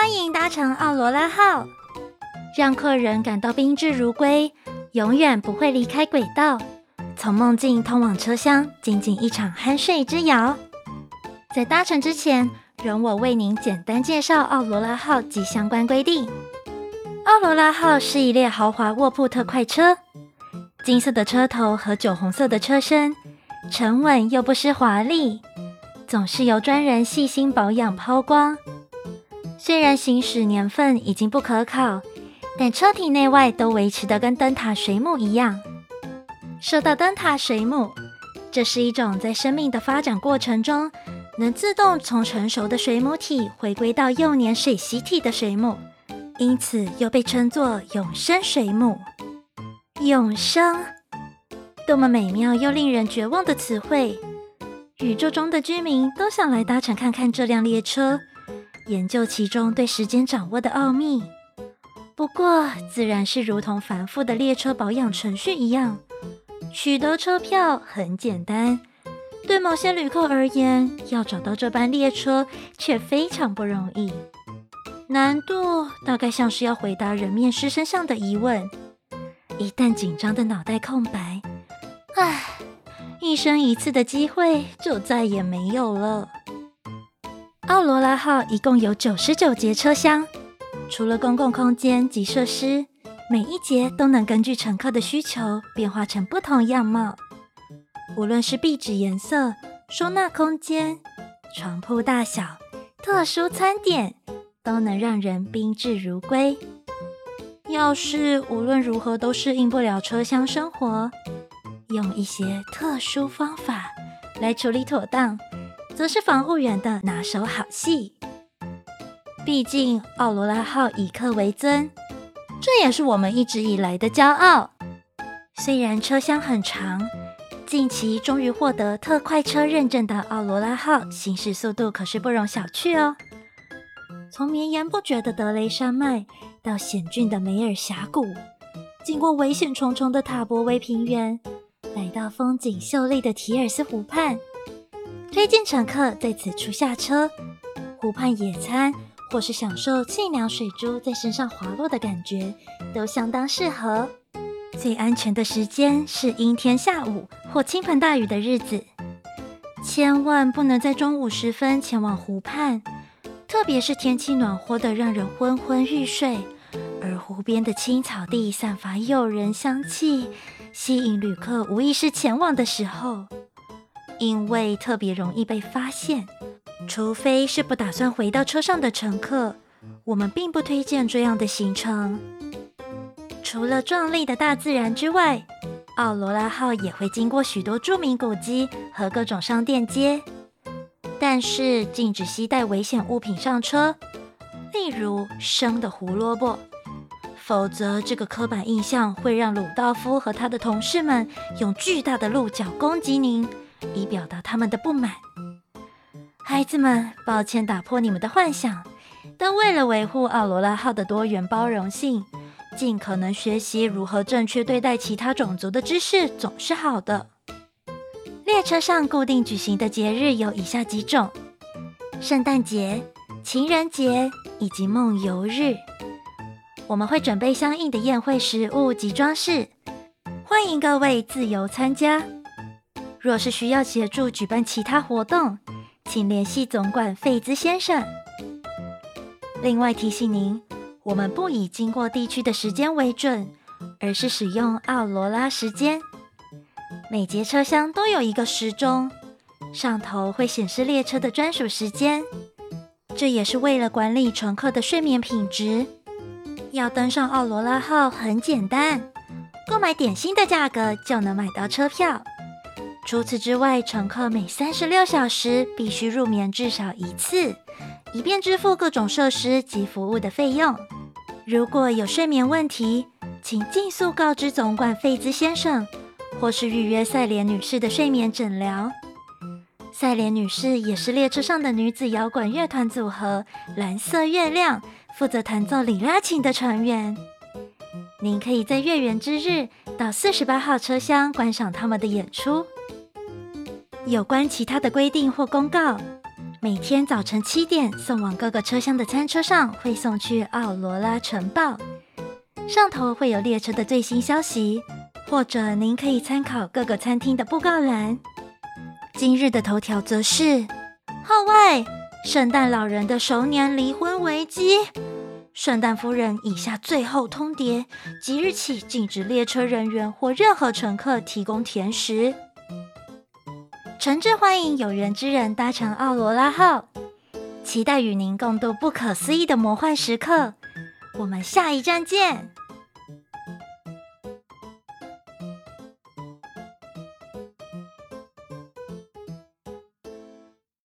歡迎搭乘奧羅拉號，讓客人感到賓至如歸，永遠不會離開軌道。從夢境通往車廂，僅僅一場酣睡之遙。在搭乘之前，容我為您簡單介紹奧羅拉號及相關規定。奧羅拉號是一列豪華臥鋪特快車，金色的車頭和酒紅色的車身，沉穩又不失華麗，總是由專人細心保養拋光。雖然行駛年份已經不可考，但車體內外都維持得跟燈塔水母一樣。說到燈塔水母，這是一種在生命的發展過程中，能自動從成熟的水母體回歸到幼年水螅體的水母，因此又被稱作永生水母。永生，多麼美妙又令人絕望的詞彙！宇宙中的居民都想來搭乘看看這輛列車。研究其中對時間掌握的奧秘，不過自然是如同繁複的列車保養程序一樣，取得車票很簡單，對某些旅客而言，要找到這班列車卻非常不容易。難度大概像是要回答人面獅身上的疑問。一旦緊張的腦袋空白，唉，一生一次的機會就再也沒有了。奧羅拉號一共有九十九節車廂，除了公共空間及設施，每一節都能根據乘客的需求變化成不同樣貌。無論是壁紙顏色、收納空間、床鋪大小、特殊餐點，都能讓人賓至如歸。要是無論如何都適應不了車廂生活，用一些特殊方法來處理妥當則是防護員的拿手好戲。畢竟奧羅拉號以客為尊，這也是我們一直以來的驕傲。雖然車廂很長，近期終於獲得特快車認證的奧羅拉號行駛速度可是不容小覷哦。從綿延不絕的德雷山脈到險峻的梅爾峽谷，經過危險重重的塔博維平原，來到風景秀麗的提爾斯湖畔。推薦乘客在此處下車，湖畔野餐或是享受清涼水珠在身上滑落的感覺都相當適合。最安全的時間是陰天下午或傾盆大雨的日子，千萬不能在中午時分前往湖畔，特別是天氣暖和得讓人昏昏欲睡，而湖邊的青草地散發誘人香氣，吸引旅客無意識前往的時候。因為特別容易被發現，除非是不打算回到車上的乘客，我們並不推薦這樣的行程。除了壯麗的大自然之外，奧羅拉號也會經過許多著名古蹟和各種商店街。但是禁止攜帶危險物品上車，例如生的胡蘿蔔，否則這個刻板印象會讓魯道夫和他的同事們用巨大的鹿角攻擊您。以表達他們的不滿。孩子們，抱歉打破你們的幻想，但為了維護奧羅拉號的多元包容性，盡可能學習如何正確對待其他種族的知識總是好的。列車上固定舉行的節日有以下幾種：聖誕節、情人節以及夢遊日。我們會準備相應的宴會食物及裝飾，歡迎各位自由參加。若是需要協助舉辦其他活動，請聯繫總管費茲先生。另外提醒您，我們不以經過地區的時間為準，而是使用奧羅拉時間。每節車廂都有一個時鐘，上頭會顯示列車的專屬時間。這也是為了管理乘客的睡眠品質。要登上奧羅拉號很簡單，購買點心的價格就能買到車票。除此之外，乘客每三十六小時必須入眠至少一次，以便支付各種設施及服務的費用。如果有睡眠問題，請盡速告知總管費茲先生，或是預約賽蓮女士的睡眠診療。賽蓮女士也是列車上的女子搖滾樂團組合藍色月亮負責彈奏里拉琴的成員。您可以在月圓之日到四十八號車廂觀賞他們的演出。有關其他的規定或公告，每天早晨七點送往各個車廂的餐車上會送去《奧羅拉晨報》，上頭會有列車的最新消息，或者您可以參考各個餐廳的布告欄。今日的頭條則是：號外，聖誕老人的熟年離婚危機，聖誕夫人已下最後通牒，即日起禁止列車人員或任何乘客提供甜食。誠摯歡迎有緣之人搭乘奧羅拉號，期待與您共度不可思議的魔幻時刻，我們下一站見。